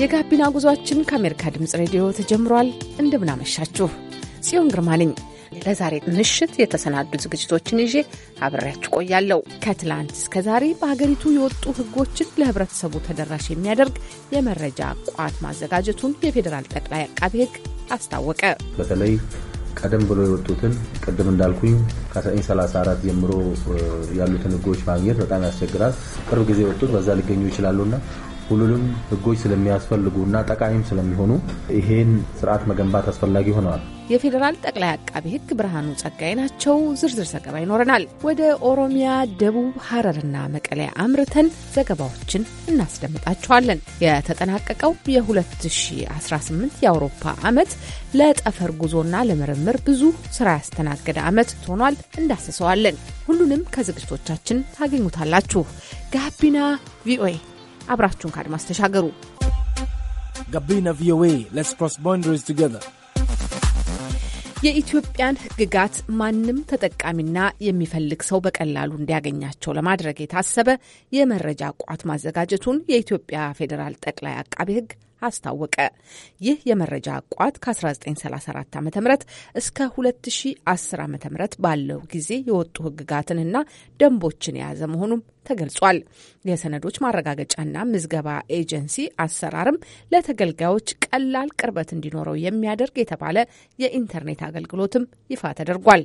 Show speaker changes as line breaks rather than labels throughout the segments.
የጋቢና ጉዟችን ከአሜሪካ ድምፅ ሬዲዮ ተጀምሯል። እንደምናመሻችሁ ጽዮን ግርማ ነኝ። ለዛሬ ምሽት የተሰናዱ ዝግጅቶችን ይዤ አብሬያችሁ ቆያለሁ። ከትላንት እስከ ዛሬ በሀገሪቱ የወጡ ሕጎችን ለሕብረተሰቡ ተደራሽ የሚያደርግ የመረጃ ቋት ማዘጋጀቱን የፌዴራል ጠቅላይ አቃቤ ሕግ አስታወቀ።
በተለይ ቀደም ብሎ የወጡትን ቅድም እንዳልኩኝ ከ1934 ጀምሮ ያሉትን ሕጎች ማግኘት በጣም ያስቸግራል። ቅርብ ጊዜ የወጡት በዛ ሊገኙ ይችላሉና ሁሉንም ህጎች ስለሚያስፈልጉና ጠቃሚም ስለሚሆኑ ይሄን ስርዓት መገንባት አስፈላጊ ሆነዋል።
የፌዴራል ጠቅላይ አቃቢ ህግ ብርሃኑ ጸጋዬ ናቸው። ዝርዝር ዘገባ ይኖረናል። ወደ ኦሮሚያ፣ ደቡብ፣ ሀረርና መቀሌ አምርተን ዘገባዎችን እናስደምጣችኋለን። የተጠናቀቀው የ2018 የአውሮፓ ዓመት ለጠፈር ጉዞና ለምርምር ብዙ ስራ ያስተናገደ ዓመት ሆኗል። እንዳስሰዋለን። ሁሉንም ከዝግጅቶቻችን ታገኙታላችሁ። ጋቢና ቪኦኤ አብራችሁን ከአድማስ ተሻገሩ።
ጋቢና ቪኦኤ ሌትስ ክሮስ ቦንደሪስ ቱጌዘር
የኢትዮጵያን ሕግጋት ማንም ተጠቃሚና የሚፈልግ ሰው በቀላሉ እንዲያገኛቸው ለማድረግ የታሰበ የመረጃ ቋት ማዘጋጀቱን የኢትዮጵያ ፌዴራል ጠቅላይ አቃቢ ሕግ አስታወቀ። ይህ የመረጃ ቋት ከ1934 ዓ ም እስከ 2010 ዓ ም ባለው ጊዜ የወጡ ሕግጋትንና ደንቦችን የያዘ መሆኑም ተገልጿል። የሰነዶች ማረጋገጫና ምዝገባ ኤጀንሲ አሰራርም ለተገልጋዮች ቀላል ቅርበት እንዲኖረው የሚያደርግ የተባለ የኢንተርኔት አገልግሎትም ይፋ ተደርጓል።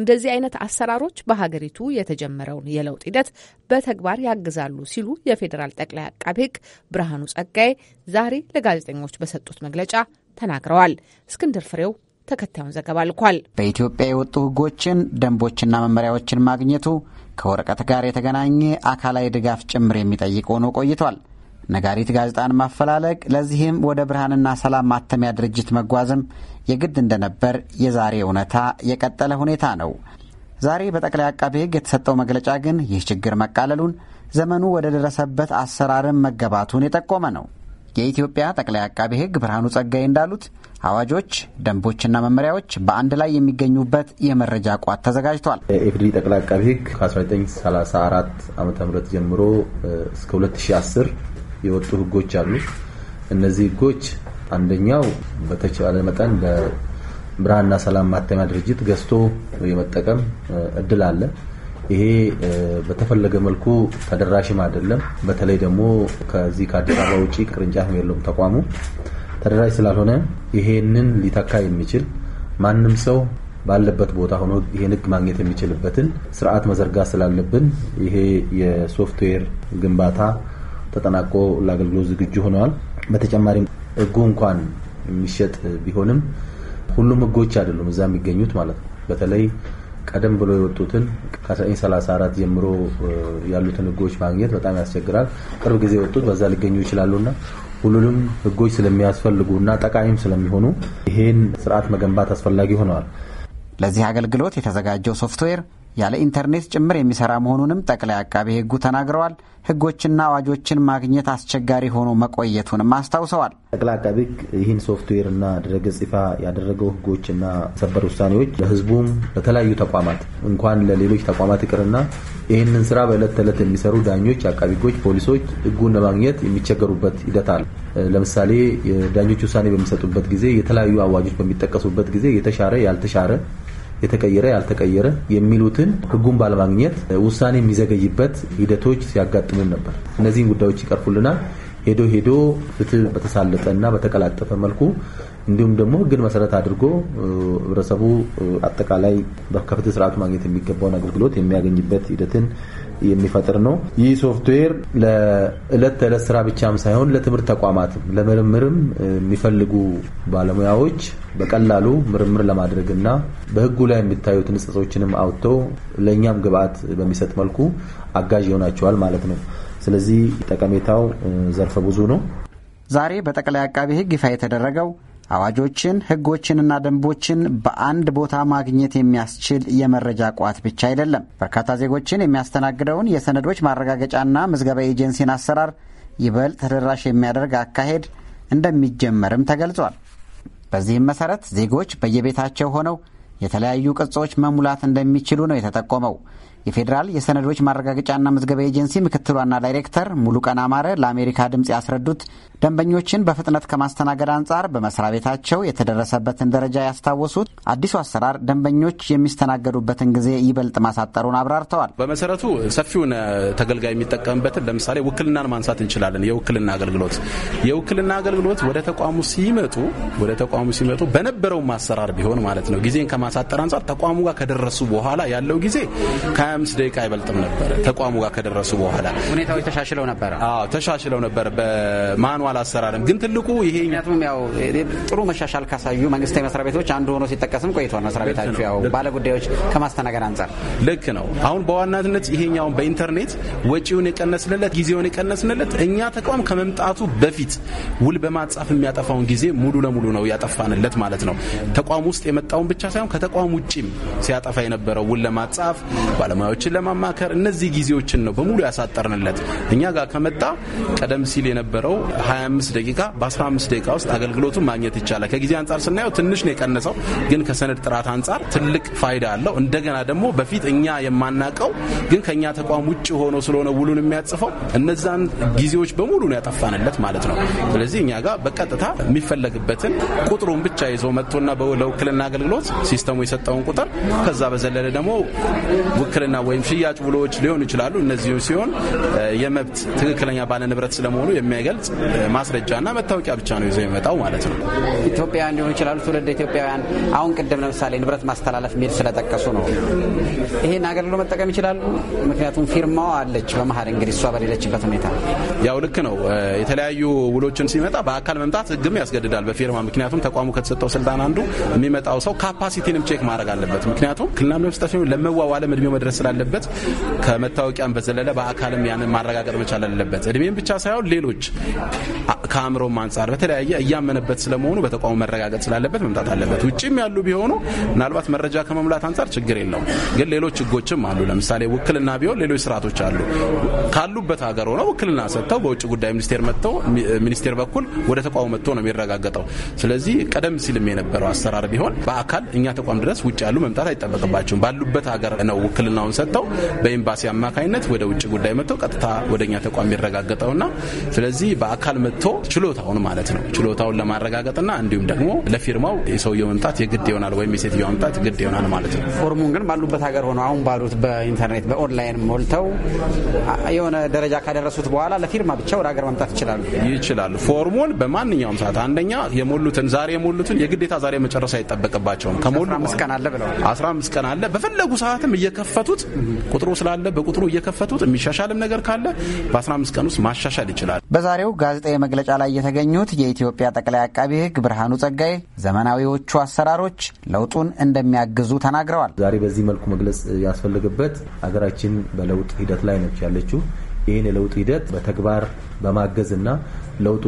እንደዚህ አይነት አሰራሮች በሀገሪቱ የተጀመረውን የለውጥ ሂደት በተግባር ያግዛሉ ሲሉ የፌዴራል ጠቅላይ አቃቤ ሕግ ብርሃኑ ጸጋዬ ዛሬ ለጋዜጠኞች በሰጡት መግለጫ ተናግረዋል። እስክንድር ፍሬው ተከታዩን ዘገባ ልኳል።
በኢትዮጵያ የወጡ ሕጎችን ደንቦችና መመሪያዎችን ማግኘቱ ከወረቀት ጋር የተገናኘ አካላዊ ድጋፍ ጭምር የሚጠይቅ ሆኖ ቆይቷል። ነጋሪት ጋዜጣን ማፈላለግ ለዚህም ወደ ብርሃንና ሰላም ማተሚያ ድርጅት መጓዝም የግድ እንደነበር የዛሬ እውነታ የቀጠለ ሁኔታ ነው። ዛሬ በጠቅላይ አቃቤ ሕግ የተሰጠው መግለጫ ግን ይህ ችግር መቃለሉን ዘመኑ ወደ ደረሰበት አሰራርም መገባቱን የጠቆመ ነው። የኢትዮጵያ ጠቅላይ አቃቢ ሕግ ብርሃኑ ጸጋይ እንዳሉት አዋጆች፣ ደንቦችና
መመሪያዎች በአንድ ላይ የሚገኙበት የመረጃ ቋት ተዘጋጅቷል። የኢፌዴሪ ጠቅላይ አቃቢ ሕግ ከ1934 ዓ ም ጀምሮ እስከ 2010 የወጡ ህጎች አሉ። እነዚህ ህጎች አንደኛው በተቻለ መጠን በብርሃንና ሰላም ማተሚያ ድርጅት ገዝቶ የመጠቀም እድል አለ። ይሄ በተፈለገ መልኩ ተደራሽም አይደለም። በተለይ ደግሞ ከዚህ ከአዲስ አበባ ውጭ ቅርንጫፍ የለውም ተቋሙ ተደራሽ ስላልሆነ ይሄንን ሊተካ የሚችል ማንም ሰው ባለበት ቦታ ሆኖ ይሄን ህግ ማግኘት የሚችልበትን ስርዓት መዘርጋት ስላለብን ይሄ የሶፍትዌር ግንባታ ተጠናቆ ለአገልግሎት ዝግጁ ሆነዋል። በተጨማሪም ህጉ እንኳን የሚሸጥ ቢሆንም ሁሉም ህጎች አይደሉም እዛ የሚገኙት ማለት ነው። በተለይ ቀደም ብሎ የወጡትን ከ1934 ጀምሮ ያሉትን ህጎች ማግኘት በጣም ያስቸግራል። ቅርብ ጊዜ የወጡት በዛ ሊገኙ ይችላሉና ሁሉንም ህጎች ስለሚያስፈልጉና ጠቃሚም ስለሚሆኑ ይሄን ስርዓት መገንባት አስፈላጊ ሆነዋል። ለዚህ አገልግሎት የተዘጋጀው ሶፍትዌር ያለ ኢንተርኔት ጭምር
የሚሰራ መሆኑንም ጠቅላይ አቃቤ ሕጉ ተናግረዋል። ሕጎችና አዋጆችን ማግኘት አስቸጋሪ ሆኖ መቆየቱንም አስታውሰዋል።
ጠቅላይ አቃቤ ሕግ ይህን ሶፍትዌርና ድረገጽ ይፋ ያደረገው ሕጎችና ሰበር ውሳኔዎች ለሕዝቡም ለተለያዩ ተቋማት እንኳን ለሌሎች ተቋማት ይቅርና ይህንን ስራ በዕለት ተዕለት የሚሰሩ ዳኞች፣ አቃቤ ሕጎች፣ ፖሊሶች ሕጉን ለማግኘት የሚቸገሩበት ሂደት አለ። ለምሳሌ ዳኞች ውሳኔ በሚሰጡበት ጊዜ የተለያዩ አዋጆች በሚጠቀሱበት ጊዜ የተሻረ ያልተሻረ የተቀየረ ያልተቀየረ የሚሉትን ህጉን ባለማግኘት ውሳኔ የሚዘገይበት ሂደቶች ሲያጋጥሙን ነበር። እነዚህን ጉዳዮች ይቀርፉልናል። ሄዶ ሄዶ ፍትህ በተሳለጠ በተቀላጠፈ መልኩ እንዲሁም ደግሞ ህግን መሰረት አድርጎ ህብረተሰቡ አጠቃላይ ከፍትህ ስርዓቱ ማግኘት የሚገባውን አገልግሎት የሚያገኝበት ሂደትን የሚፈጥር ነው። ይህ ሶፍትዌር ለእለት ተዕለት ስራ ብቻም ሳይሆን ለትምህርት ተቋማትም ለምርምርም የሚፈልጉ ባለሙያዎች በቀላሉ ምርምር ለማድረግ እና በህጉ ላይ የሚታዩት ንጽጾችንም አውጥቶ ለእኛም ግብአት በሚሰጥ መልኩ አጋዥ ይሆናቸዋል ማለት ነው። ስለዚህ ጠቀሜታው ዘርፈ ብዙ ነው። ዛሬ
በጠቅላይ አቃቤ ህግ
ይፋ የተደረገው አዋጆችን፣ ህጎችንና
ደንቦችን በአንድ ቦታ ማግኘት የሚያስችል የመረጃ ቋት ብቻ አይደለም። በርካታ ዜጎችን የሚያስተናግደውን የሰነዶች ማረጋገጫና ምዝገባ ኤጀንሲን አሰራር ይበልጥ ተደራሽ የሚያደርግ አካሄድ እንደሚጀመርም ተገልጿል። በዚህም መሰረት ዜጎች በየቤታቸው ሆነው የተለያዩ ቅጾች መሙላት እንደሚችሉ ነው የተጠቆመው። የፌዴራል የሰነዶች ማረጋገጫና ምዝገባ ኤጀንሲ ምክትል ዋና ዳይሬክተር ሙሉቀን አማረ ለአሜሪካ ድምፅ ያስረዱት ደንበኞችን በፍጥነት ከማስተናገድ አንጻር በመስሪያ ቤታቸው የተደረሰበትን ደረጃ ያስታወሱት አዲሱ አሰራር ደንበኞች የሚስተናገዱበትን ጊዜ ይበልጥ ማሳጠሩን አብራርተዋል።
በመሰረቱ ሰፊውን ተገልጋይ የሚጠቀምበትን ለምሳሌ ውክልናን ማንሳት እንችላለን። የውክልና አገልግሎት የውክልና አገልግሎት ወደ ተቋሙ ሲመጡ ወደ ተቋሙ ሲመጡ በነበረው ማሰራር ቢሆን ማለት ነው ጊዜን ከማሳጠር አንጻር ተቋሙ ጋር ከደረሱ በኋላ ያለው ጊዜ ከ25 ደቂቃ አይበልጥም ነበረ። ተቋሙ ጋር ከደረሱ በኋላ ሁኔታዎች ተሻሽለው ነበረ ተሻሽለው ነበረ በማኑ አላሰራርም። ግን ትልቁ ይሄ ምክንያቱም ያው ጥሩ መሻሻል ካሳዩ መንግስታዊ መስሪያ ቤቶች አንዱ ሆኖ ሲጠቀስም ቆይቷል። መስሪያ ቤታችሁ
ያው ባለጉዳዮች ከማስተናገድ አንጻር
ልክ ነው። አሁን በዋናነት ይሄኛውን በኢንተርኔት ወጪውን የቀነስንለት፣ ጊዜውን የቀነስንለት እኛ ተቋም ከመምጣቱ በፊት ውል በማጻፍ የሚያጠፋውን ጊዜ ሙሉ ለሙሉ ነው ያጠፋንለት ማለት ነው። ተቋም ውስጥ የመጣውን ብቻ ሳይሆን ከተቋም ውጭም ሲያጠፋ የነበረው ውል ለማጻፍ ባለሙያዎችን ለማማከር እነዚህ ጊዜዎችን ነው በሙሉ ያሳጠርንለት። እኛ ጋር ከመጣ ቀደም ሲል የነበረው በ25 ደቂቃ በ15 ደቂቃ ውስጥ አገልግሎቱን ማግኘት ይቻላል። ከጊዜ አንጻር ስናየው ትንሽ ነው የቀነሰው፣ ግን ከሰነድ ጥራት አንጻር ትልቅ ፋይዳ አለው። እንደገና ደግሞ በፊት እኛ የማናቀው ግን ከእኛ ተቋም ውጭ ሆኖ ስለሆነ ውሉን የሚያጽፈው እነዛን ጊዜዎች በሙሉ ነው ያጠፋንለት ማለት ነው። ስለዚህ እኛ ጋር በቀጥታ የሚፈለግበትን ቁጥሩን ብቻ ይዞ መጥቶና ለውክልና አገልግሎት ሲስተሙ የሰጠውን ቁጥር ከዛ በዘለለ ደግሞ ውክልና ወይም ሽያጭ ውሎዎች ሊሆኑ ይችላሉ። እነዚህ ሲሆን የመብት ትክክለኛ ባለ ንብረት ስለመሆኑ የሚገልጽ ማስረጃና መታወቂያ ብቻ ነው ይዞ የሚመጣው ማለት ነው።
ኢትዮጵያውያን ሊሆኑ ይችላሉ፣ ትውልድ ኢትዮጵያውያን። አሁን ቅድም ለምሳሌ ንብረት ማስተላለፍ የሚል ስለጠቀሱ ነው። ይህን አገልግሎት መጠቀም ይችላሉ።
ምክንያቱም ፊርማዋ አለች በመሀል እንግዲህ እሷ በሌለችበት ሁኔታ ያው ልክ ነው። የተለያዩ ውሎችን ሲመጣ በአካል መምጣት ህግም ያስገድዳል በፊርማ ምክንያቱም ተቋሙ ከተሰጠው ስልጣን አንዱ የሚመጣው ሰው ካፓሲቲንም ቼክ ማድረግ አለበት። ምክንያቱም ክልናም ለመስጠት ለመዋዋለም እድሜው መድረስ ስላለበት ከመታወቂያም በዘለለ በአካልም ያንን ማረጋገጥ መቻል አለበት። እድሜም ብቻ ሳይሆን ሌሎች ከአእምሮም አንጻር በተለያየ እያመነበት ስለመሆኑ በተቋሙ መረጋገጥ ስላለበት መምጣት አለበት። ውጭም ያሉ ቢሆኑ ምናልባት መረጃ ከመሙላት አንጻር ችግር የለውም። ግን ሌሎች ህጎችም አሉ። ለምሳሌ ውክልና ቢሆን ሌሎች ስርዓቶች አሉ። ካሉበት ሀገር ሆነው ውክልና ሰጥተው በውጭ ጉዳይ ሚኒስቴር መጥተው ሚኒስቴር በኩል ወደ ተቋሙ መጥቶ ነው የሚረጋገጠው። ስለዚህ ቀደም ሲልም የነበረው አሰራር ቢሆን በአካል እኛ ተቋም ድረስ ውጭ ያሉ መምጣት አይጠበቅባቸውም። ባሉበት ሀገር ነው ውክልናውን ሰጥተው በኤምባሲ አማካኝነት ወደ ውጭ ጉዳይ መጥተው ቀጥታ ወደ እኛ ተቋም የሚረጋገጠውና ስለዚህ በአካል መጥቶ ችሎታውን ማለት ነው ችሎታውን ለማረጋገጥና እንዲሁም ደግሞ ለፊርማው የሰውየው መምጣት የግድ ይሆናል ወይም የሴትየው መምጣት ግድ ይሆናል ማለት ነው።
ፎርሙን ግን ባሉበት ሀገር ሆነው አሁን ባሉት በኢንተርኔት በኦንላይን ሞልተው የሆነ ደረጃ ካደረሱት በኋላ ለፊርማ ብቻ ወደ ሀገር መምጣት ይችላሉ
ይችላሉ። ፎርሙን በማንኛውም ሰዓት አንደኛ የሞሉትን ዛሬ የሞሉትን የግዴታ ዛሬ መጨረስ አይጠበቅባቸውም። ከሞሉ ቀን አለ ብለዋል። አስራ አምስት ቀን አለ በፈለጉ ሰዓትም እየከፈቱት ቁጥሩ ስላለ በቁጥሩ እየከፈቱት የሚሻሻልም ነገር ካለ በ15 ቀን ውስጥ ማሻሻል ይችላል።
በዛሬው ጋዜጣ ጋዜጣዊ መግለጫ ላይ የተገኙት የኢትዮጵያ ጠቅላይ አቃቢ ሕግ ብርሃኑ ጸጋዬ ዘመናዊዎቹ አሰራሮች
ለውጡን እንደሚያግዙ ተናግረዋል። ዛሬ በዚህ መልኩ መግለጽ ያስፈልግበት ሀገራችን በለውጥ ሂደት ላይ ነች ያለችው። ይህን የለውጥ ሂደት በተግባር በማገዝ እና ለውጡ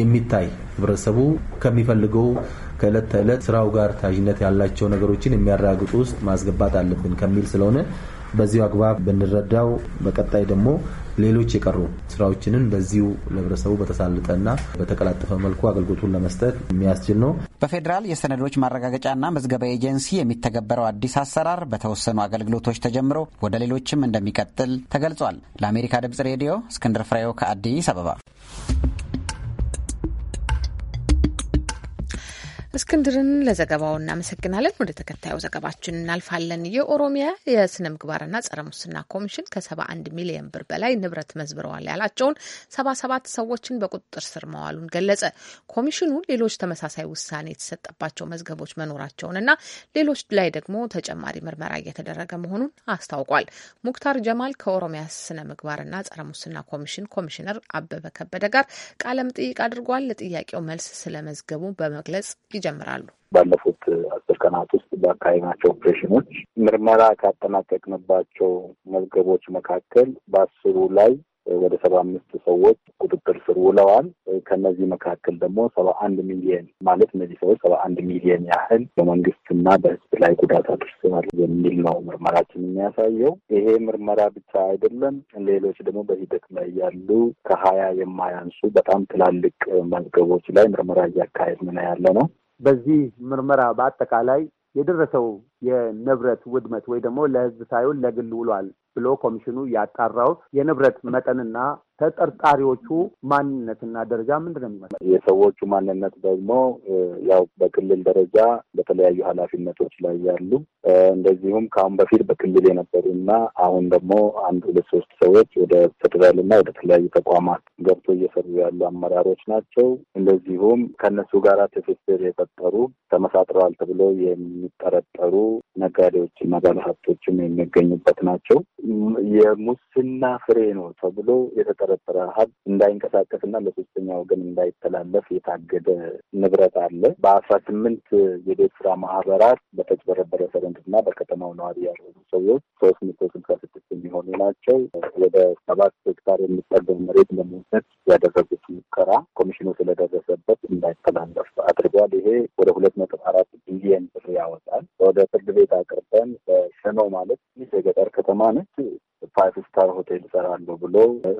የሚታይ ህብረተሰቡ ከሚፈልገው ከእለት ተዕለት ስራው ጋር ታዥነት ያላቸው ነገሮችን የሚያረጋግጡ ውስጥ ማስገባት አለብን ከሚል ስለሆነ በዚሁ አግባብ ብንረዳው በቀጣይ ደግሞ ሌሎች የቀሩ ስራዎችንን በዚሁ ለህብረተሰቡ በተሳለጠና በተቀላጠፈ መልኩ አገልግሎቱን ለመስጠት የሚያስችል ነው። በፌዴራል የሰነዶች
ማረጋገጫና መዝገባ ኤጀንሲ የሚተገበረው አዲስ አሰራር በተወሰኑ አገልግሎቶች ተጀምሮ ወደ ሌሎችም እንደሚቀጥል ተገልጿል። ለአሜሪካ ድምጽ ሬዲዮ እስክንድር ፍሬው ከአዲስ አበባ
እስክንድርን ለዘገባው እናመሰግናለን። ወደ ተከታዩ ዘገባችን እናልፋለን። የኦሮሚያ የስነ ምግባርና ጸረ ሙስና ኮሚሽን ከ71 ሚሊዮን ብር በላይ ንብረት መዝብረዋል ያላቸውን 77 ሰዎችን በቁጥጥር ስር መዋሉን ገለጸ። ኮሚሽኑ ሌሎች ተመሳሳይ ውሳኔ የተሰጠባቸው መዝገቦች መኖራቸውንና ሌሎች ላይ ደግሞ ተጨማሪ ምርመራ እየተደረገ መሆኑን አስታውቋል። ሙክታር ጀማል ከኦሮሚያ ስነ ምግባርና ጸረ ሙስና ኮሚሽን ኮሚሽነር አበበ ከበደ ጋር ቃለ መጠይቅ አድርጓል። ለጥያቄው መልስ ስለ መዝገቡ በመግለጽ ይጀምራሉ።
ባለፉት አስር ቀናት ውስጥ በአካሄድናቸው ኦፕሬሽኖች ምርመራ ካጠናቀቅንባቸው መዝገቦች መካከል በአስሩ ላይ ወደ ሰባ አምስት ሰዎች ቁጥጥር ስር ውለዋል። ከነዚህ መካከል ደግሞ ሰባ አንድ ሚሊየን ማለት እነዚህ ሰዎች ሰባ አንድ ሚሊየን ያህል በመንግስትና በህዝብ ላይ ጉዳት አድርሰናል የሚል ነው ምርመራችን የሚያሳየው። ይሄ ምርመራ ብቻ አይደለም፣ ሌሎች ደግሞ በሂደት ላይ ያሉ ከሀያ የማያንሱ በጣም ትላልቅ መዝገቦች ላይ ምርመራ እያካሄድ ምን ያለ ነው።
በዚህ ምርመራ በአጠቃላይ የደረሰው የንብረት ውድመት ወይ ደግሞ ለህዝብ ሳይሆን ለግል ውሏል ብሎ ኮሚሽኑ ያጣራው የንብረት መጠንና ተጠርጣሪዎቹ ማንነትና ደረጃ ምንድን ነው የሚመስለው?
የሰዎቹ ማንነት ደግሞ ያው በክልል ደረጃ በተለያዩ ኃላፊነቶች ላይ ያሉ እንደዚሁም ከአሁን በፊት በክልል የነበሩ እና አሁን ደግሞ አንድ ሁለት ሶስት ሰዎች ወደ ፌደራል እና ወደ ተለያዩ ተቋማት ተቀናጅተው እየሰሩ ያሉ አመራሮች ናቸው። እንደዚሁም ከእነሱ ጋር ትስስር የፈጠሩ ተመሳጥረዋል ተብሎ የሚጠረጠሩ ነጋዴዎችና ባለሀብቶችም የሚገኙበት ናቸው። የሙስና ፍሬ ነው ተብሎ የተጠረጠረ ሀብት እንዳይንቀሳቀስና ለሶስተኛ ወገን እንዳይተላለፍ የታገደ ንብረት አለ። በአስራ ስምንት የቤት ስራ ማህበራት በተጭበረበረ ሰነድና በከተማው ነዋሪ ያልሆኑ ሰዎች ሶስት መቶ ስልሳ ስድስት የሚሆኑ ናቸው ወደ ሰባት ሄክታር የሚጠገም መሬት ለመውሰድ ያደረጉት ሙከራ ኮሚሽኑ ስለደረሰበት እንዳይተላለፍ አድርጓል። ይሄ ወደ ሁለት ነጥብ አራት ቢሊየን ብር ያወጣል። ወደ ፍርድ ቤት አቅርበን በሸኖ ማለት የገጠር ከተማ ነች። ፋይቭ ስታር ሆቴል እሰራለሁ ብሎ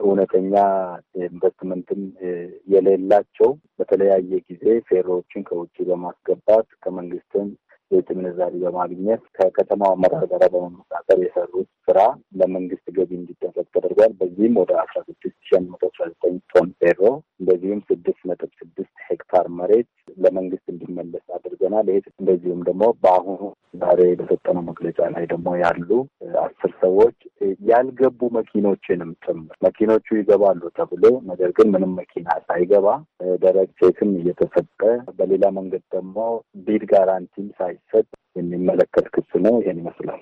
እውነተኛ ኢንቨስትመንትም የሌላቸው በተለያየ ጊዜ ፌሮዎችን ከውጭ በማስገባት ከመንግስትም የውጭ ምንዛሪ በማግኘት ከከተማው አመራር ጋር በመመሳጠር የሰሩት ስራ ለመንግስት ገቢ እንዲደረግ ተደርጓል። በዚህም ወደ አስራ ስድስት ሺ መቶ አስራ ዘጠኝ ፎንቴሮ እንደዚሁም ስድስት ነጥብ ስድስት ሄክታር መሬት ለመንግስት እንዲመለስ አድርገናል። ይሄ እንደዚሁም ደግሞ በአሁኑ ዛሬ በሰጠነው መግለጫ ላይ ደግሞ ያሉ አስር ሰዎች ያልገቡ መኪኖችንም ጭምር መኪኖቹ ይገባሉ ተብሎ ነገር ግን ምንም መኪና ሳይገባ ደረቅ
ቼክም እየተሰጠ
በሌላ መንገድ ደግሞ ቢድ ጋራንቲ ሳይሰጥ የሚመለከት ክስ ነው። ይሄን ይመስላል።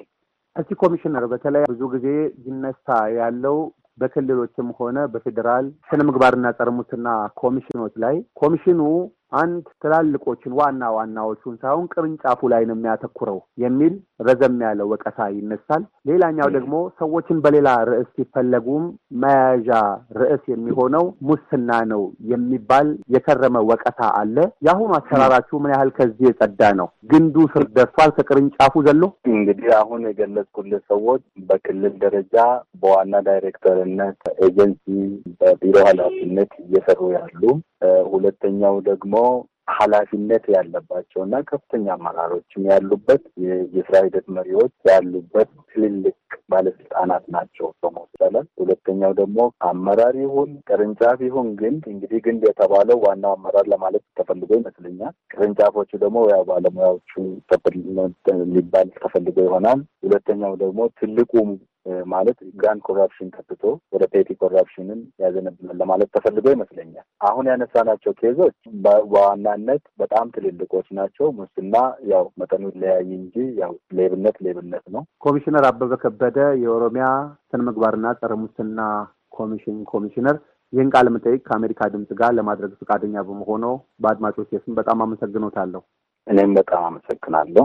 እስቲ ኮሚሽነር፣ በተለይ ብዙ ጊዜ ይነሳ ያለው በክልሎችም ሆነ በፌዴራል ስነ ምግባርና ጸረ ሙስና ኮሚሽኖች ላይ ኮሚሽኑ አንድ ትላልቆችን ዋና ዋናዎቹን ሳይሆን ቅርንጫፉ ላይ ነው የሚያተኩረው የሚል ረዘም ያለ ወቀሳ ይነሳል። ሌላኛው ደግሞ ሰዎችን በሌላ ርዕስ ሲፈለጉም መያዣ ርዕስ የሚሆነው ሙስና ነው የሚባል የከረመ ወቀሳ አለ። የአሁኑ አሰራራችሁ ምን ያህል ከዚህ የጸዳ ነው? ግንዱ ስር ደርሷል ከቅርንጫፉ ዘሎ። እንግዲህ
አሁን የገለጽኩልህ ሰዎች በክልል ደረጃ በዋና ዳይሬክተርነት ኤጀንሲ በቢሮ ኃላፊነት እየሰሩ ያሉ ሁለተኛው ደግሞ ኃላፊነት ያለባቸው እና ከፍተኛ አመራሮችም ያሉበት የስራ ሂደት መሪዎች ያሉበት ትልልቅ ባለስልጣናት ናቸው በመሆን ሁለተኛው ደግሞ አመራር ይሁን ቅርንጫፍ ይሁን ግንድ እንግዲህ ግንድ የተባለው ዋናው አመራር ለማለት ተፈልጎ ይመስለኛል። ቅርንጫፎቹ ደግሞ ያው ባለሙያዎቹ ሊባል ተፈልጎ ይሆናል። ሁለተኛው ደግሞ ትልቁ ማለት ግራንድ ኮራፕሽን ጠጥቶ ወደ ፔቲ ኮራፕሽንን ያዘነብላል ለማለት ተፈልጎ ይመስለኛል። አሁን ያነሳናቸው ኬዞች በዋናነት በጣም ትልልቆች ናቸው። ሙስና ያው መጠኑ ይለያይ እንጂ ያው ሌብነት ሌብነት
ነው። ኮሚሽነር አበበ ከበደ የኦሮሚያ ስነ ምግባርና ጸረ ሙስና ኮሚሽን ኮሚሽነር ይህን ቃለ መጠይቅ ከአሜሪካ ድምፅ ጋር ለማድረግ ፈቃደኛ በመሆኖ በአድማጮች ስም በጣም አመሰግኖታለሁ። እኔም በጣም አመሰግናለሁ።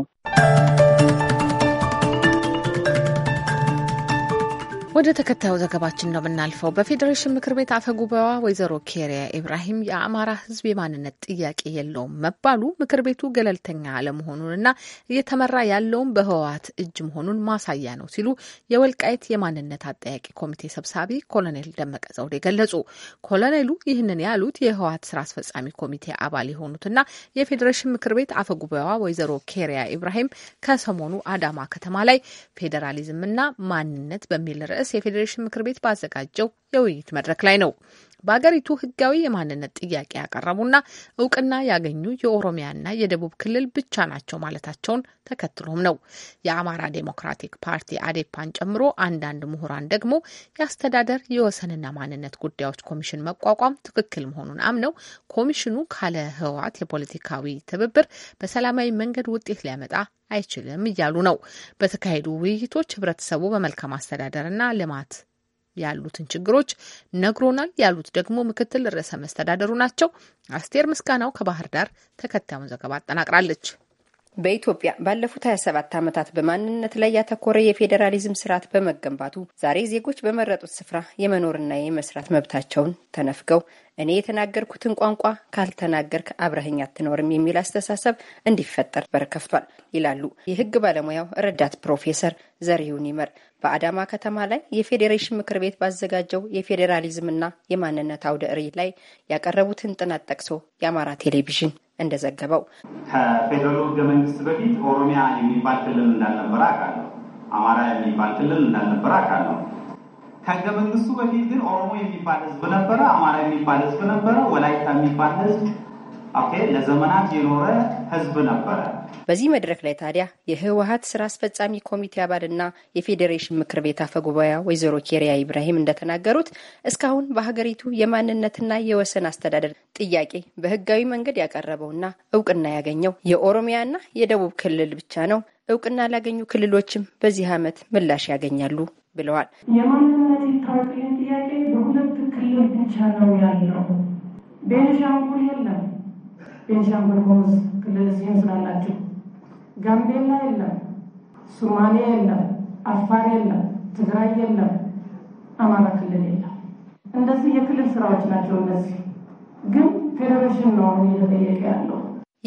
ወደ ተከታዩ ዘገባችን ነው የምናልፈው። በፌዴሬሽን ምክር ቤት አፈ ጉባኤዋ ወይዘሮ ኬሪያ ኢብራሂም የአማራ ሕዝብ የማንነት ጥያቄ የለውም መባሉ ምክር ቤቱ ገለልተኛ አለመሆኑንና እየተመራ ያለውም በህወሓት እጅ መሆኑን ማሳያ ነው ሲሉ የወልቃይት የማንነት አጠያቂ ኮሚቴ ሰብሳቢ ኮሎኔል ደመቀ ዘውዴ ገለጹ። ኮሎኔሉ ይህንን ያሉት የህወሓት ስራ አስፈጻሚ ኮሚቴ አባል የሆኑትና የፌዴሬሽን ምክር ቤት አፈ ጉባኤዋ ወይዘሮ ኬሪያ ኢብራሂም ከሰሞኑ አዳማ ከተማ ላይ ፌዴራሊዝምና ማንነት በሚል ርዕስ ርዕስ የፌዴሬሽን ምክር ቤት ባዘጋጀው የውይይት መድረክ ላይ ነው። በአገሪቱ ህጋዊ የማንነት ጥያቄ ያቀረቡና እውቅና ያገኙ የኦሮሚያና የደቡብ ክልል ብቻ ናቸው ማለታቸውን ተከትሎም ነው። የአማራ ዴሞክራቲክ ፓርቲ አዴፓን ጨምሮ አንዳንድ ምሁራን ደግሞ የአስተዳደር የወሰንና ማንነት ጉዳዮች ኮሚሽን መቋቋም ትክክል መሆኑን አምነው ኮሚሽኑ ካለ ህወሓት የፖለቲካዊ ትብብር በሰላማዊ መንገድ ውጤት ሊያመጣ አይችልም እያሉ ነው። በተካሄዱ ውይይቶች ህብረተሰቡ በመልካም አስተዳደርና ልማት ያሉትን ችግሮች ነግሮናል ያሉት ደግሞ ምክትል ርዕሰ መስተዳደሩ ናቸው። አስቴር ምስጋናው ከባህር ዳር ተከታዩን ዘገባ አጠናቅራለች።
በኢትዮጵያ ባለፉት 27 ዓመታት በማንነት ላይ ያተኮረ የፌዴራሊዝም ስርዓት በመገንባቱ ዛሬ ዜጎች በመረጡት ስፍራ የመኖርና የመስራት መብታቸውን ተነፍገው እኔ የተናገርኩትን ቋንቋ ካልተናገርክ አብረህኝ አትኖርም የሚል አስተሳሰብ እንዲፈጠር በር ከፍቷል ይላሉ የህግ ባለሙያው ረዳት ፕሮፌሰር ዘሪሁን ይመር። በአዳማ ከተማ ላይ የፌዴሬሽን ምክር ቤት ባዘጋጀው የፌዴራሊዝምና የማንነት አውደ ርዕይ ላይ ያቀረቡትን ጥናት ጠቅሶ የአማራ ቴሌቪዥን እንደዘገበው ከፌዴራሉ ህገ መንግስት
በፊት ኦሮሚያ የሚባል ክልል እንዳልነበረ አካል ነው። አማራ የሚባል ክልል እንዳልነበረ አካል ነው።
ከህገ መንግስቱ በፊት ግን ኦሮሞ የሚባል ህዝብ ነበረ፣ አማራ የሚባል ህዝብ ነበረ፣ ወላይታ
የሚባል ህዝብ ኦኬ፣ ለዘመናት የኖረ ህዝብ ነበረ።
በዚህ መድረክ ላይ ታዲያ የህወሀት ስራ አስፈጻሚ ኮሚቴ አባልና የፌዴሬሽን ምክር ቤት አፈ ጉባኤ ወይዘሮ ኬሪያ ኢብራሂም እንደተናገሩት እስካሁን በሀገሪቱ የማንነትና የወሰን አስተዳደር ጥያቄ በህጋዊ መንገድ ያቀረበውና እውቅና ያገኘው የኦሮሚያና የደቡብ ክልል ብቻ ነው። እውቅና ላገኙ ክልሎችም በዚህ ዓመት ምላሽ ያገኛሉ ብለዋል።
የማንነት ይታወቅልን ጥያቄ በሁለት ክልል ብቻ ነው ያለው። ቤንሻንጉል የለም። ቤንሻንጉል ክልል ስላላችሁ ጋምቤላ የለም፣ ሱማሌ የለም፣ አፋር የለም፣ ትግራይ የለም፣
አማራ ክልል የለም። እንደዚህ የክልል ስራዎች ናቸው። እነዚህ ግን ፌዴሬሽን ነው እየተጠየቀ ያለው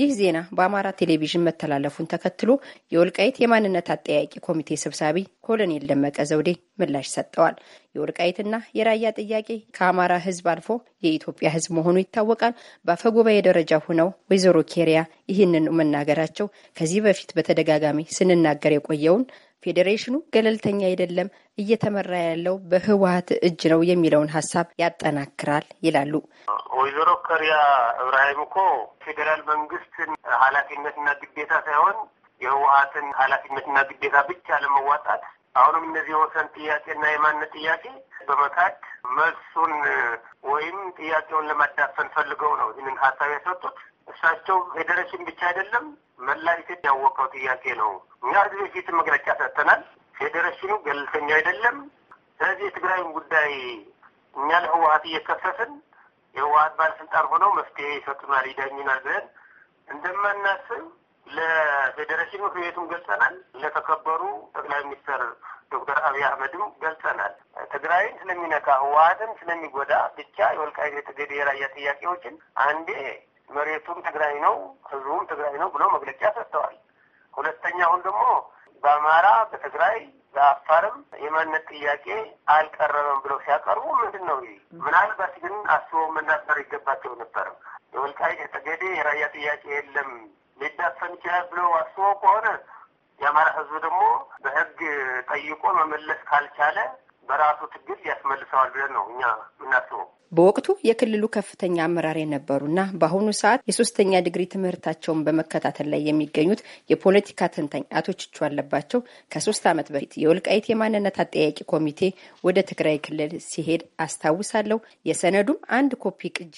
ይህ ዜና በአማራ ቴሌቪዥን መተላለፉን ተከትሎ የወልቃይት የማንነት አጠያቂ ኮሚቴ ሰብሳቢ ኮሎኔል ደመቀ ዘውዴ ምላሽ ሰጥተዋል። የወልቃይትና የራያ ጥያቄ ከአማራ ሕዝብ አልፎ የኢትዮጵያ ሕዝብ መሆኑ ይታወቃል። በአፈ ጉባኤ ደረጃ ሆነው ወይዘሮ ኬሪያ ይህንን መናገራቸው ከዚህ በፊት በተደጋጋሚ ስንናገር የቆየውን ፌዴሬሽኑ ገለልተኛ አይደለም፣ እየተመራ ያለው በህወሀት እጅ ነው የሚለውን ሀሳብ ያጠናክራል ይላሉ።
ወይዘሮ ከሪያ እብራሂም እኮ ፌዴራል መንግስትን ኃላፊነትና ግዴታ ሳይሆን የህወሀትን ኃላፊነትና ግዴታ ብቻ ለመዋጣት አሁንም እነዚህ የወሰን ጥያቄና የማንነት ጥያቄ በመካድ መልሱን ወይም ጥያቄውን ለማዳፈን ፈልገው ነው ይህንን ሀሳብ ያሰጡት። እሳቸው ፌዴሬሽን ብቻ አይደለም መላ ኢትዮጵያ ያወቀው ጥያቄ ነው። እኛ ጊዜ ፊት መግለጫ ሰጥተናል። ፌዴሬሽኑ ገለልተኛ አይደለም። ስለዚህ የትግራይን ጉዳይ እኛ ለህወሀት እየከሰስን የህወሀት ባለስልጣን ሆነው መፍትሄ ይሰጡናል፣ ይዳኙናል ብለን እንደማናስብ ለፌዴሬሽን ምክር ቤቱም ገልጸናል። ለተከበሩ ጠቅላይ ሚኒስትር ዶክተር አብይ አህመድም ገልጸናል። ትግራይን ስለሚነካ ህወሀትን ስለሚጎዳ ብቻ የወልቃይት ጠገዴ፣ የራያ ጥያቄዎችን አንዴ መሬቱም ትግራይ ነው፣ ህዝቡም ትግራይ ነው ብሎ መግለጫ ሰጥተዋል። ሁለተኛውን ደግሞ በአማራ በትግራይ በአፋርም የማንነት ጥያቄ አልቀረበም ብለው ሲያቀርቡ ምንድን ነው ይህ? ምናልባት ግን አስቦ መናገር ይገባቸው ነበር። የወልቃይት የጠገዴ የራያ ጥያቄ የለም ሊዳፈን ይችላል ብለው አስቦ ከሆነ የአማራ ህዝብ ደግሞ በህግ ጠይቆ መመለስ ካልቻለ
በራሱ ትግል ያስመልሰዋል ብለን ነው እኛ የምናስበው። በወቅቱ የክልሉ ከፍተኛ አመራር የነበሩና በአሁኑ ሰዓት የሶስተኛ ዲግሪ ትምህርታቸውን በመከታተል ላይ የሚገኙት የፖለቲካ ተንታኝ አቶ ችቹ አለባቸው ከሶስት ዓመት በፊት የወልቃይት የማንነት አጠያቂ ኮሚቴ ወደ ትግራይ ክልል ሲሄድ አስታውሳለሁ። የሰነዱም አንድ ኮፒ ቅጅ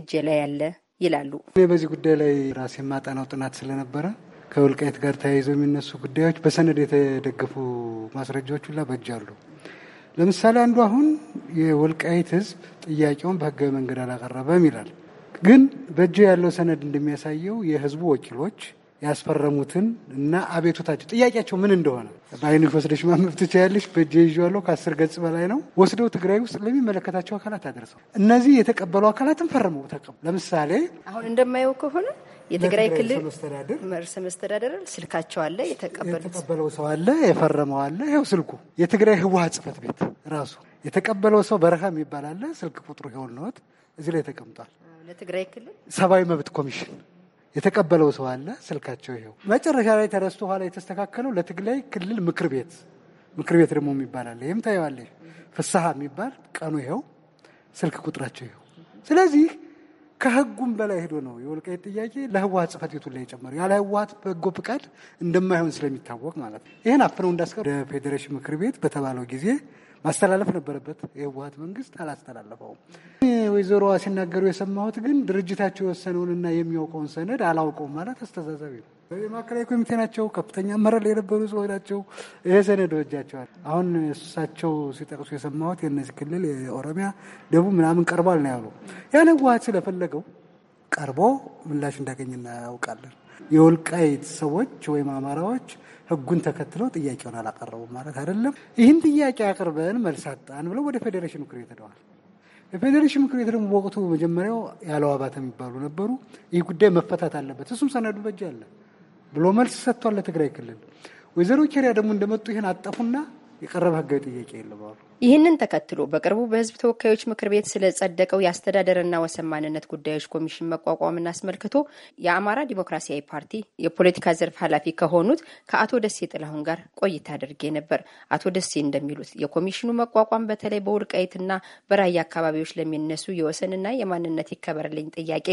እጄ ላይ ያለ ይላሉ።
እኔ በዚህ ጉዳይ ላይ ራሴ የማጠናው ጥናት ስለነበረ ከወልቃይት ጋር ተያይዘው የሚነሱ ጉዳዮች በሰነድ የተደገፉ ማስረጃዎች ሁላ በእጅ አሉ። ለምሳሌ አንዱ አሁን የወልቃይት ህዝብ ጥያቄውን በህጋዊ መንገድ አላቀረበም ይላል። ግን በእጅ ያለው ሰነድ እንደሚያሳየው የህዝቡ ወኪሎች ያስፈረሙትን እና አቤቱታቸው ጥያቄያቸው ምን እንደሆነ በአይንሽ ወስደሽ ማንበብ ትችያለሽ። በእጅ ይዤዋለሁ። ከአስር ገጽ በላይ ነው። ወስደው ትግራይ ውስጥ ለሚመለከታቸው አካላት አደርሰው እነዚህ የተቀበሉ አካላትም ፈርመው ተቀ ለምሳሌ
አሁን እንደማየው ከሆነ የትግራይ ክልል መርሰ መስተዳደር ስልካቸው አለ፣ የተቀበለው
ሰው አለ፣ የፈረመው አለ። ይኸው ስልኩ የትግራይ ህወሓት ጽሕፈት ቤት ራሱ የተቀበለው ሰው በረሃ የሚባል አለ። ስልክ ቁጥሩ ይሆን ነው፣ እዚህ ላይ ተቀምጧል።
ለትግራይ ክልል
ሰብአዊ መብት ኮሚሽን የተቀበለው ሰው አለ፣ ስልካቸው ይሄው መጨረሻ ላይ ተረስቶ ኋላ የተስተካከለው ለትግራይ ክልል ምክር ቤት ምክር ቤት ደግሞ የሚባል አለ። ይህም ታየዋለሽ የሚባል ቀኑ ይኸው፣ ስልክ ቁጥራቸው ይኸው። ስለዚህ ከህጉም በላይ ሄዶ ነው የወልቃይት ጥያቄ ለህወሀት ጽህፈት ቤቱ ላይ የጨመሩ ያለ ህወሀት በጎ ፍቃድ እንደማይሆን ስለሚታወቅ ማለት ነው። ይህን አፍነው እንዳስቀር ለፌዴሬሽን ምክር ቤት በተባለው ጊዜ ማስተላለፍ ነበረበት። የህወሀት መንግስት አላስተላለፈውም። ወይዘሮዋ ሲናገሩ የሰማሁት ግን ድርጅታቸው የወሰነውንና የሚያውቀውን ሰነድ አላውቀውም ማለት አስተዛዛቢ ነው። የማዕከላዊ ኮሚቴ ናቸው። ከፍተኛ መረል የነበሩ ሰዎች ናቸው። ይሄ ሰነድ ወጃቸዋል። አሁን እሳቸው ሲጠቅሱ የሰማሁት የነዚህ ክልል የኦሮሚያ፣ ደቡብ ምናምን ቀርቧል ነው ያሉ። ያን ህወሓት ስለፈለገው ቀርቦ ምላሽ እንዳገኝ እናያውቃለን። የወልቃይት ሰዎች ወይም አማራዎች ህጉን ተከትለው ጥያቄውን አላቀረቡም ማለት አይደለም። ይህን ጥያቄ አቅርበን መልስ አጣን ብለው ወደ ፌዴሬሽን ምክር ቤት ሄደዋል። የፌዴሬሽን ምክር ቤት ደግሞ በወቅቱ መጀመሪያው ያለው አባተ የሚባሉ ነበሩ። ይህ ጉዳይ መፈታት አለበት፣ እሱም ሰነዱ በጃ አለ ብሎ መልስ ሰጥቷል ለትግራይ ክልል። ወይዘሮ ኬሪያ ደግሞ እንደመጡ ይህን አጠፉና የቀረበ ህጋዊ ጥያቄ የለም አሉ።
ይህንን ተከትሎ በቅርቡ በህዝብ ተወካዮች ምክር ቤት ስለጸደቀው የአስተዳደርና ወሰን ማንነት ጉዳዮች ኮሚሽን መቋቋምን አስመልክቶ የአማራ ዲሞክራሲያዊ ፓርቲ የፖለቲካ ዘርፍ ኃላፊ ከሆኑት ከአቶ ደሴ ጥላሁን ጋር ቆይታ አድርጌ ነበር። አቶ ደሴ እንደሚሉት የኮሚሽኑ መቋቋም በተለይ በውልቃይትና በራያ አካባቢዎች ለሚነሱ የወሰንና የማንነት ይከበርልኝ ጥያቄ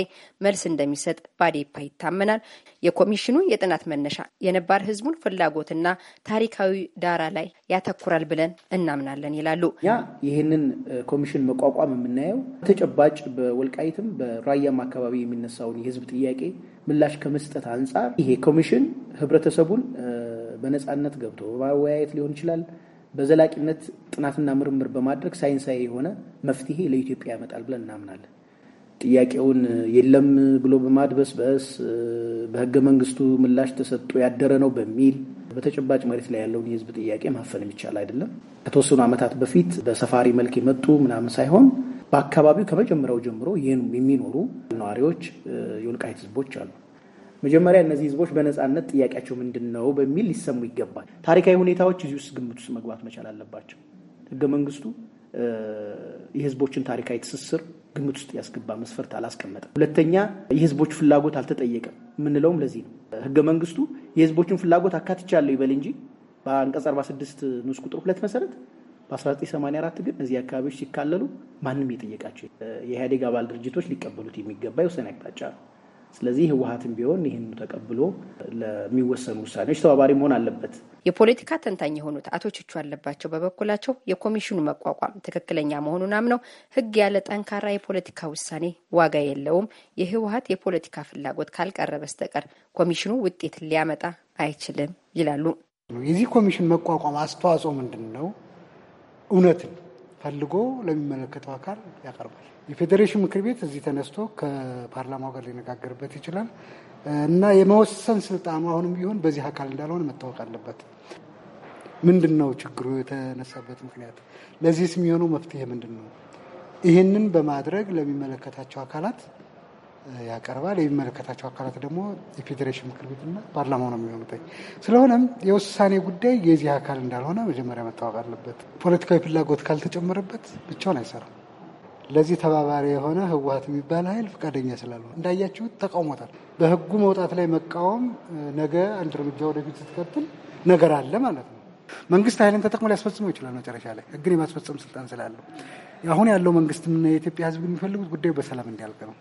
መልስ እንደሚሰጥ ባዴፓ ይታመናል። የኮሚሽኑ የጥናት መነሻ የነባር ህዝቡን ፍላጎትና ታሪካዊ ዳራ ላይ ያተ ያተኩራል ብለን እናምናለን ይላሉ። እኛ
ይህንን ኮሚሽን መቋቋም የምናየው ተጨባጭ በወልቃይትም በራያም አካባቢ የሚነሳውን የህዝብ ጥያቄ ምላሽ ከመስጠት አንጻር ይሄ ኮሚሽን ህብረተሰቡን በነፃነት ገብቶ በማወያየት ሊሆን ይችላል በዘላቂነት ጥናትና ምርምር በማድረግ ሳይንሳዊ የሆነ መፍትሄ ለኢትዮጵያ ያመጣል ብለን እናምናለን። ጥያቄውን የለም ብሎ በማድበስበስ በህገ መንግስቱ ምላሽ ተሰጥቶ ያደረ ነው በሚል በተጨባጭ መሬት ላይ ያለውን የህዝብ ጥያቄ ማፈን የሚቻል አይደለም። ከተወሰኑ ዓመታት በፊት በሰፋሪ መልክ የመጡ ምናምን ሳይሆን በአካባቢው ከመጀመሪያው ጀምሮ ይህን የሚኖሩ ነዋሪዎች የወልቃይት ህዝቦች አሉ። መጀመሪያ እነዚህ ህዝቦች በነፃነት ጥያቄያቸው ምንድን ነው በሚል ሊሰሙ ይገባል። ታሪካዊ ሁኔታዎች እዚህ ውስጥ ግምት ውስጥ መግባት መቻል አለባቸው። ህገ መንግስቱ የህዝቦችን ታሪካዊ ትስስር ግምት ውስጥ ያስገባ መስፈርት አላስቀመጠም። ሁለተኛ የህዝቦች ፍላጎት አልተጠየቀም የምንለውም ለዚህ ነው። ህገ መንግስቱ የህዝቦችን ፍላጎት አካትቻለሁ ይበል እንጂ በአንቀጽ 46 ንዑስ ቁጥር ሁለት መሰረት በ1984 ግን እነዚህ አካባቢዎች ሲካለሉ ማንም የጠየቃቸው የኢህአዴግ አባል ድርጅቶች ሊቀበሉት የሚገባ የወሰን አቅጣጫ ነው። ስለዚህ ህወሀትም ቢሆን ይህን ተቀብሎ ለሚወሰኑ ውሳኔዎች ተባባሪ መሆን አለበት።
የፖለቲካ ተንታኝ የሆኑት አቶ ችቹ አለባቸው በበኩላቸው የኮሚሽኑ መቋቋም ትክክለኛ መሆኑን አምነው ህግ ያለ ጠንካራ የፖለቲካ ውሳኔ ዋጋ የለውም፣ የህወሀት የፖለቲካ ፍላጎት ካልቀረ በስተቀር ኮሚሽኑ ውጤት ሊያመጣ አይችልም ይላሉ።
የዚህ ኮሚሽን መቋቋም አስተዋጽኦ ምንድን ነው? እውነትን ፈልጎ ለሚመለከተው አካል ያቀርባል። የፌዴሬሽን ምክር ቤት እዚህ ተነስቶ ከፓርላማው ጋር ሊነጋገርበት ይችላል እና የመወሰን ስልጣኑ አሁንም ቢሆን በዚህ አካል እንዳልሆነ መታወቅ አለበት። ምንድን ነው ችግሩ የተነሳበት ምክንያት? ስም የሆነው መፍትሄ ምንድን ነው? ይህንን በማድረግ ለሚመለከታቸው አካላት ያቀርባል። የሚመለከታቸው አካላት ደግሞ የፌዴሬሽን ምክር ቤትና ፓርላማው ነው የሚሆኑት። ስለሆነም የውሳኔ ጉዳይ የዚህ አካል እንዳልሆነ መጀመሪያ መታወቅ አለበት። ፖለቲካዊ ፍላጎት ካልተጨመረበት ብቻውን አይሰራም። ለዚህ ተባባሪ የሆነ ህወሀት የሚባል ኃይል ፈቃደኛ ስላለ እንዳያችሁት ተቃውሞታል። በህጉ መውጣት ላይ መቃወም ነገ አንድ እርምጃ ወደፊት ስትቀጥል ነገር አለ ማለት ነው። መንግስት ኃይልን ተጠቅሞ ሊያስፈጽመው ይችላል። መጨረሻ ላይ ህግን የማስፈጸም ስልጣን ስላለው አሁን ያለው መንግስትና የኢትዮጵያ ህዝብ የሚፈልጉት ጉዳዩ በሰላም እንዲያልቅ ነው።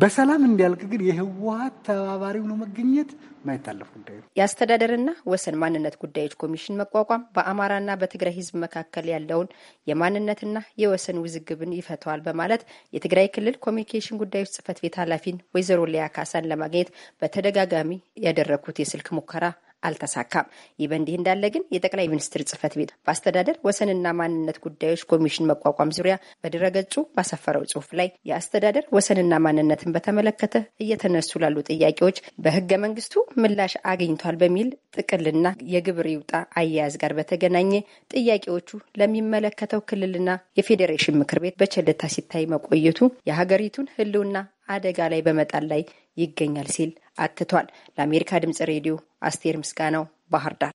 በሰላም እንዲያልቅ ግን የህወሀት ተባባሪው ነው መገኘት ማይታለፍ ጉዳይ ነው።
የአስተዳደርና ወሰን ማንነት ጉዳዮች ኮሚሽን መቋቋም በአማራና በትግራይ ህዝብ መካከል ያለውን የማንነትና የወሰን ውዝግብን ይፈተዋል በማለት የትግራይ ክልል ኮሚኒኬሽን ጉዳዮች ጽህፈት ቤት ኃላፊን ወይዘሮ ሊያ ካሳን ለማግኘት በተደጋጋሚ ያደረግኩት የስልክ ሙከራ አልተሳካም። ይህ በእንዲህ እንዳለ ግን የጠቅላይ ሚኒስትር ጽህፈት ቤት በአስተዳደር ወሰንና ማንነት ጉዳዮች ኮሚሽን መቋቋም ዙሪያ በድረገጹ ባሰፈረው ጽሁፍ ላይ የአስተዳደር ወሰንና ማንነትን በተመለከተ እየተነሱ ላሉ ጥያቄዎች በህገ መንግስቱ ምላሽ አግኝቷል በሚል ጥቅልና የግብር ይውጣ አያያዝ ጋር በተገናኘ ጥያቄዎቹ ለሚመለከተው ክልልና የፌዴሬሽን ምክር ቤት በቸልታ ሲታይ መቆየቱ የሀገሪቱን ህልውና አደጋ ላይ በመጣል ላይ ይገኛል ሲል አትቷል። ለአሜሪካ ድምጽ ሬዲዮ አስቴር
ምስጋናው ባህር ዳር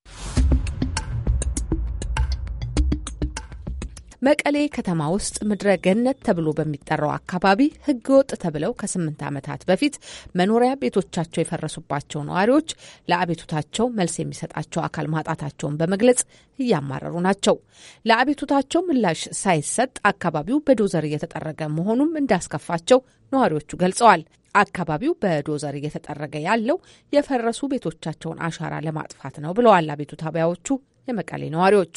መቀሌ ከተማ ውስጥ ምድረ ገነት ተብሎ በሚጠራው አካባቢ ህገወጥ ተብለው ከስምንት ዓመታት በፊት መኖሪያ ቤቶቻቸው የፈረሱባቸው ነዋሪዎች ለአቤቱታቸው መልስ የሚሰጣቸው አካል ማጣታቸውን በመግለጽ እያማረሩ ናቸው። ለአቤቱታቸው ምላሽ ሳይሰጥ አካባቢው በዶዘር እየተጠረገ መሆኑም እንዳስከፋቸው ነዋሪዎቹ ገልጸዋል። አካባቢው በዶዘር እየተጠረገ ያለው የፈረሱ ቤቶቻቸውን አሻራ ለማጥፋት ነው ብለዋል ታቢያዎቹ? የመቀሌ ነዋሪዎች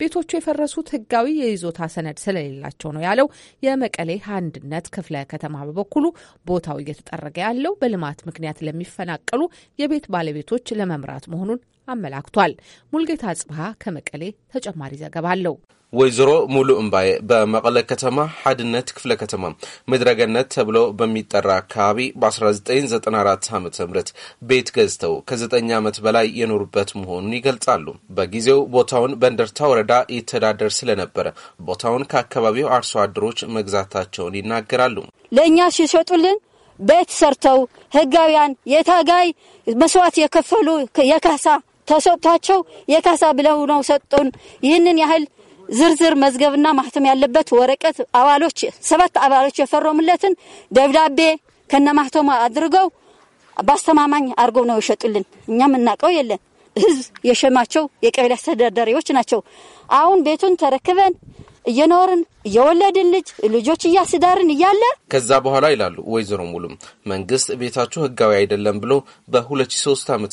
ቤቶቹ የፈረሱት ህጋዊ የይዞታ ሰነድ ስለሌላቸው ነው ያለው የመቀሌ አንድነት ክፍለ ከተማ በበኩሉ ቦታው እየተጠረገ ያለው በልማት ምክንያት ለሚፈናቀሉ የቤት ባለቤቶች ለመምራት መሆኑን አመላክቷል። ሙልጌታ ጽብሃ ከመቀሌ ተጨማሪ ዘገባ አለው።
ወይዘሮ ሙሉእ እምባዬ በመቀለ ከተማ ሓድነት ክፍለ ከተማ ምድረገነት ተብሎ በሚጠራ አካባቢ በ1994 ዓ ም ቤት ገዝተው ከ9 ዓመት በላይ የኖሩበት መሆኑን ይገልጻሉ። በጊዜው ቦታውን በእንደርታ ወረዳ ይተዳደር ስለነበረ ቦታውን ከአካባቢው አርሶ አደሮች መግዛታቸውን ይናገራሉ።
ለእኛ ሲሸጡልን ቤት ሰርተው ህጋውያን የታጋይ መስዋዕት የከፈሉ የካሳ ተሰጥቷቸው የካሳ ብለው ነው ሰጡን። ይህንን ያህል ዝርዝር መዝገብና ማህተም ያለበት ወረቀት አባሎች ሰባት አባሎች የፈረሙለትን ደብዳቤ ከነ ማህተሙ አድርገው በአስተማማኝ አድርገው ነው የሸጡልን። እኛም እናውቀው የለን ህዝብ የሸማቸው የቀበሌ አስተዳዳሪዎች ናቸው። አሁን ቤቱን ተረክበን እየኖርን እየወለድን ልጅ ልጆች እያስዳርን እያለ
ከዛ በኋላ ይላሉ ወይዘሮ ሙሉም መንግስት ቤታችሁ ህጋዊ አይደለም ብሎ በ2003 ዓ ም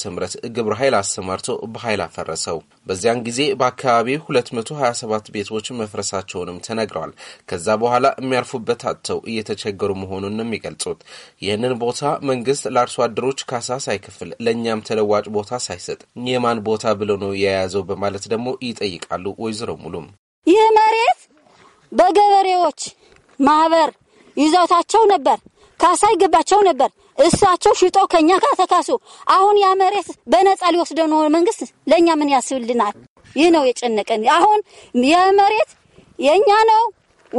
ግብረ ኃይል አሰማርቶ በኃይል አፈረሰው። በዚያን ጊዜ በአካባቢው 227 ቤቶች መፍረሳቸውንም ተነግረዋል። ከዛ በኋላ የሚያርፉበት አጥተው እየተቸገሩ መሆኑን የሚገልጹት ይህንን ቦታ መንግስት ለአርሶ አደሮች ካሳ ሳይከፍል ለእኛም ተለዋጭ ቦታ ሳይሰጥ የማን ቦታ ብሎ ነው የያዘው በማለት ደግሞ ይጠይቃሉ ወይዘሮ ሙሉም
ይህ መሬት በገበሬዎች ማህበር ይዞታቸው ነበር። ካሳ ይገባቸው ነበር። እሳቸው ሽጦ ከኛ ጋር ተካሱ። አሁን ያ መሬት በነፃ ሊወስደው ነው መንግስት። ለእኛ ምን ያስብልናል? ይህ ነው የጨነቀን። አሁን የመሬት የእኛ ነው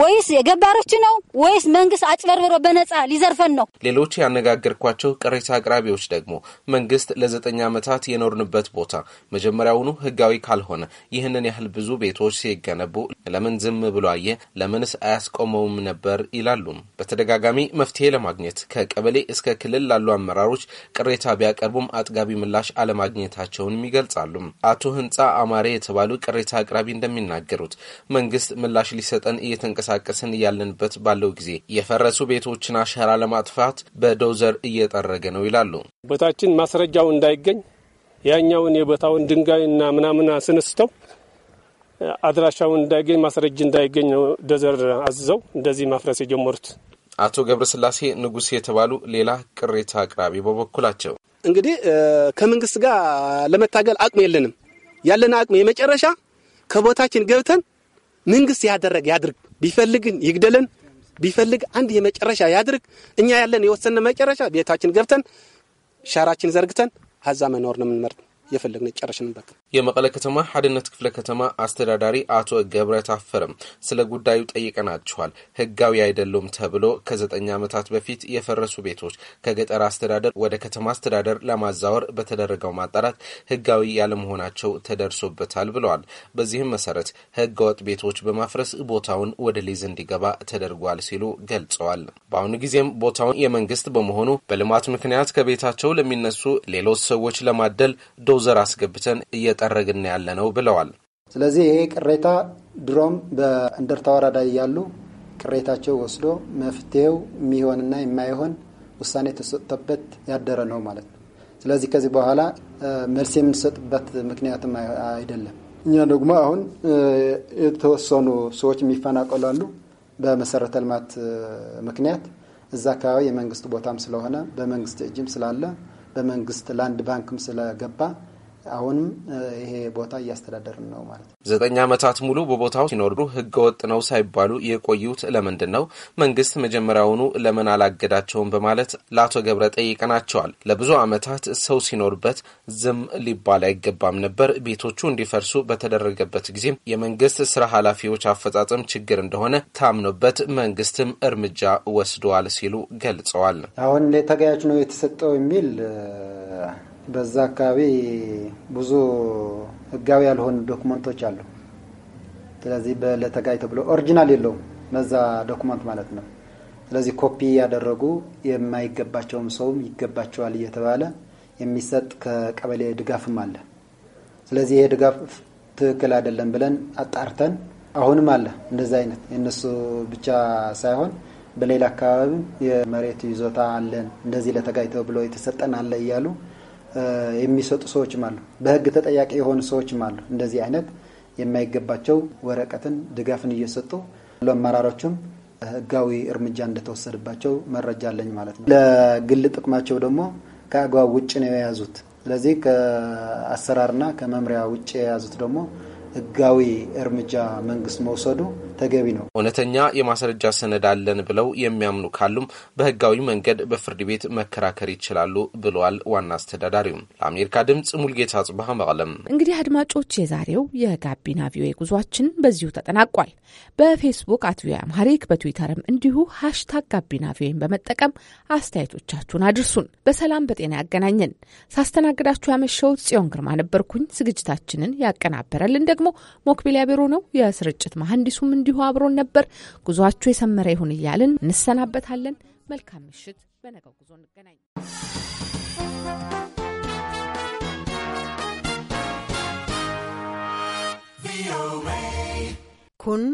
ወይስ የገባሮች ነው ወይስ መንግስት አጭበርብሮ በነጻ ሊዘርፈን ነው?
ሌሎች ያነጋገርኳቸው ቅሬታ አቅራቢዎች ደግሞ መንግስት ለዘጠኝ ዓመታት የኖርንበት ቦታ መጀመሪያውኑ ህጋዊ ካልሆነ ይህንን ያህል ብዙ ቤቶች ሲገነቡ ለምን ዝም ብሎ አየ? ለምንስ አያስቆመውም ነበር ይላሉ። በተደጋጋሚ መፍትሄ ለማግኘት ከቀበሌ እስከ ክልል ላሉ አመራሮች ቅሬታ ቢያቀርቡም አጥጋቢ ምላሽ አለማግኘታቸውንም ይገልጻሉ። አቶ ህንፃ አማሬ የተባሉ ቅሬታ አቅራቢ እንደሚናገሩት መንግስት ምላሽ ሊሰጠን እየተን እየተንቀሳቀስን እያለንበት ባለው ጊዜ የፈረሱ ቤቶችን አሻራ ለማጥፋት በዶዘር እየጠረገ ነው ይላሉ።
ቦታችን ማስረጃው እንዳይገኝ ያኛውን የቦታውን ድንጋይና ምናምን ስንስተው አድራሻውን እንዳይገኝ ማስረጅ እንዳይገኝ ነው ዶዘር አዝዘው እንደዚህ ማፍረስ የጀመሩት። አቶ ገብረስላሴ ንጉሥ
የተባሉ ሌላ ቅሬታ አቅራቢ በበኩላቸው
እንግዲህ ከመንግስት ጋር
ለመታገል አቅም የለንም። ያለን አቅም የመጨረሻ ከቦታችን ገብተን መንግስት ያደረግ ያድርግ፣ ቢፈልግን ይግደለን፣ ቢፈልግ አንድ የመጨረሻ ያድርግ። እኛ ያለን የወሰነ መጨረሻ ቤታችን ገብተን ሻራችን ዘርግተን አዛ መኖር ነው የምንመርጥ። የፈለግነ
ጨረሽን። በቃ
የመቀለ ከተማ ሀድነት ክፍለ ከተማ አስተዳዳሪ አቶ ገብረ ታፈረም ስለ ጉዳዩ ጠይቀናችኋል። ህጋዊ አይደሉም ተብሎ ከዘጠኝ ዓመታት በፊት የፈረሱ ቤቶች ከገጠር አስተዳደር ወደ ከተማ አስተዳደር ለማዛወር በተደረገው ማጣራት ህጋዊ ያለመሆናቸው ተደርሶበታል ብለዋል። በዚህም መሰረት ህገወጥ ቤቶች በማፍረስ ቦታውን ወደ ሊዝ እንዲገባ ተደርጓል ሲሉ ገልጸዋል። በአሁኑ ጊዜም ቦታውን የመንግስት በመሆኑ በልማት ምክንያት ከቤታቸው ለሚነሱ ሌሎች ሰዎች ለማደል የሰው ዘር አስገብተን እየጠረግን ያለነው ብለዋል።
ስለዚህ ይሄ ቅሬታ ድሮም በእንደርታ ወረዳ እያሉ ቅሬታቸው ወስዶ መፍትሄው የሚሆንና የማይሆን ውሳኔ ተሰጥቶበት ያደረ ነው ማለት ነው። ስለዚህ ከዚህ በኋላ መልስ የምንሰጥበት ምክንያትም አይደለም። እኛ ደግሞ አሁን የተወሰኑ ሰዎች የሚፈናቀላሉ በመሰረተ ልማት ምክንያት እዛ አካባቢ የመንግስት ቦታም ስለሆነ በመንግስት እጅም ስላለ በመንግስት ላንድ ባንክም ስለገባ አሁንም ይሄ ቦታ እያስተዳደርን ነው ማለት
ነው። ዘጠኝ ዓመታት ሙሉ በቦታው ሲኖሩ ህገወጥ ነው ሳይባሉ የቆዩት ለምንድን ነው? መንግስት መጀመሪያውኑ ለምን አላገዳቸውም? በማለት ለአቶ ገብረ ጠይቀናቸዋል። ለብዙ ዓመታት ሰው ሲኖርበት ዝም ሊባል አይገባም ነበር። ቤቶቹ እንዲፈርሱ በተደረገበት ጊዜም የመንግስት ስራ ኃላፊዎች አፈጻጸም ችግር እንደሆነ ታምኖበት መንግስትም እርምጃ ወስደዋል ሲሉ ገልጸዋል።
አሁን ተገያጅ ነው የተሰጠው የሚል በዛ አካባቢ ብዙ ህጋዊ ያልሆኑ ዶክመንቶች አሉ። ስለዚህ ለተጋይ ተብሎ ኦሪጂናል የለውም በዛ ዶክመንት ማለት ነው። ስለዚህ ኮፒ ያደረጉ የማይገባቸውም ሰውም ይገባቸዋል እየተባለ የሚሰጥ ከቀበሌ ድጋፍም አለ። ስለዚህ ይሄ ድጋፍ ትክክል አይደለም ብለን አጣርተን አሁንም አለ እንደዚ አይነት የእነሱ ብቻ ሳይሆን በሌላ አካባቢ የመሬት ይዞታ አለን እንደዚህ ለተጋይ ተብሎ የተሰጠን አለ እያሉ የሚሰጡ ሰዎችም አሉ። በህግ ተጠያቂ የሆኑ ሰዎችም አሉ። እንደዚህ አይነት የማይገባቸው ወረቀትን ድጋፍን እየሰጡ ለአመራሮችም ህጋዊ እርምጃ እንደተወሰደባቸው መረጃ አለኝ ማለት ነው። ለግል ጥቅማቸው ደግሞ ከአግባብ ውጭ ነው የያዙት። ስለዚህ ከአሰራርና ከመምሪያ ውጭ የያዙት ደግሞ ህጋዊ እርምጃ መንግስት መውሰዱ ተገቢ ነው።
እውነተኛ የማስረጃ ሰነድ አለን ብለው የሚያምኑ ካሉም በህጋዊ መንገድ በፍርድ ቤት መከራከር ይችላሉ ብለዋል ዋና አስተዳዳሪው። ለአሜሪካ ድምጽ ሙልጌታ ጽባህ መቀለም።
እንግዲህ አድማጮች የዛሬው የጋቢና ቪኦኤ ጉዟችን በዚሁ ተጠናቋል። በፌስቡክ አት ቪኦኤ አምሃሪክ በትዊተርም እንዲሁ ሀሽታግ ጋቢና ቪኦኤን በመጠቀም አስተያየቶቻችሁን አድርሱን። በሰላም በጤና ያገናኘን። ሳስተናግዳችሁ ያመሸሁት ጽዮን ግርማ ነበርኩኝ። ዝግጅታችንን ያቀናበረልን ደግሞ ሞክቢሊያ ቢሮ ነው። የስርጭት መሐንዲሱም እንዲሁ አብሮን ነበር። ጉዟችሁ የሰመረ ይሁን እያልን እንሰናበታለን። መልካም ምሽት። በነገው ጉዞ እንገናኝ።
kun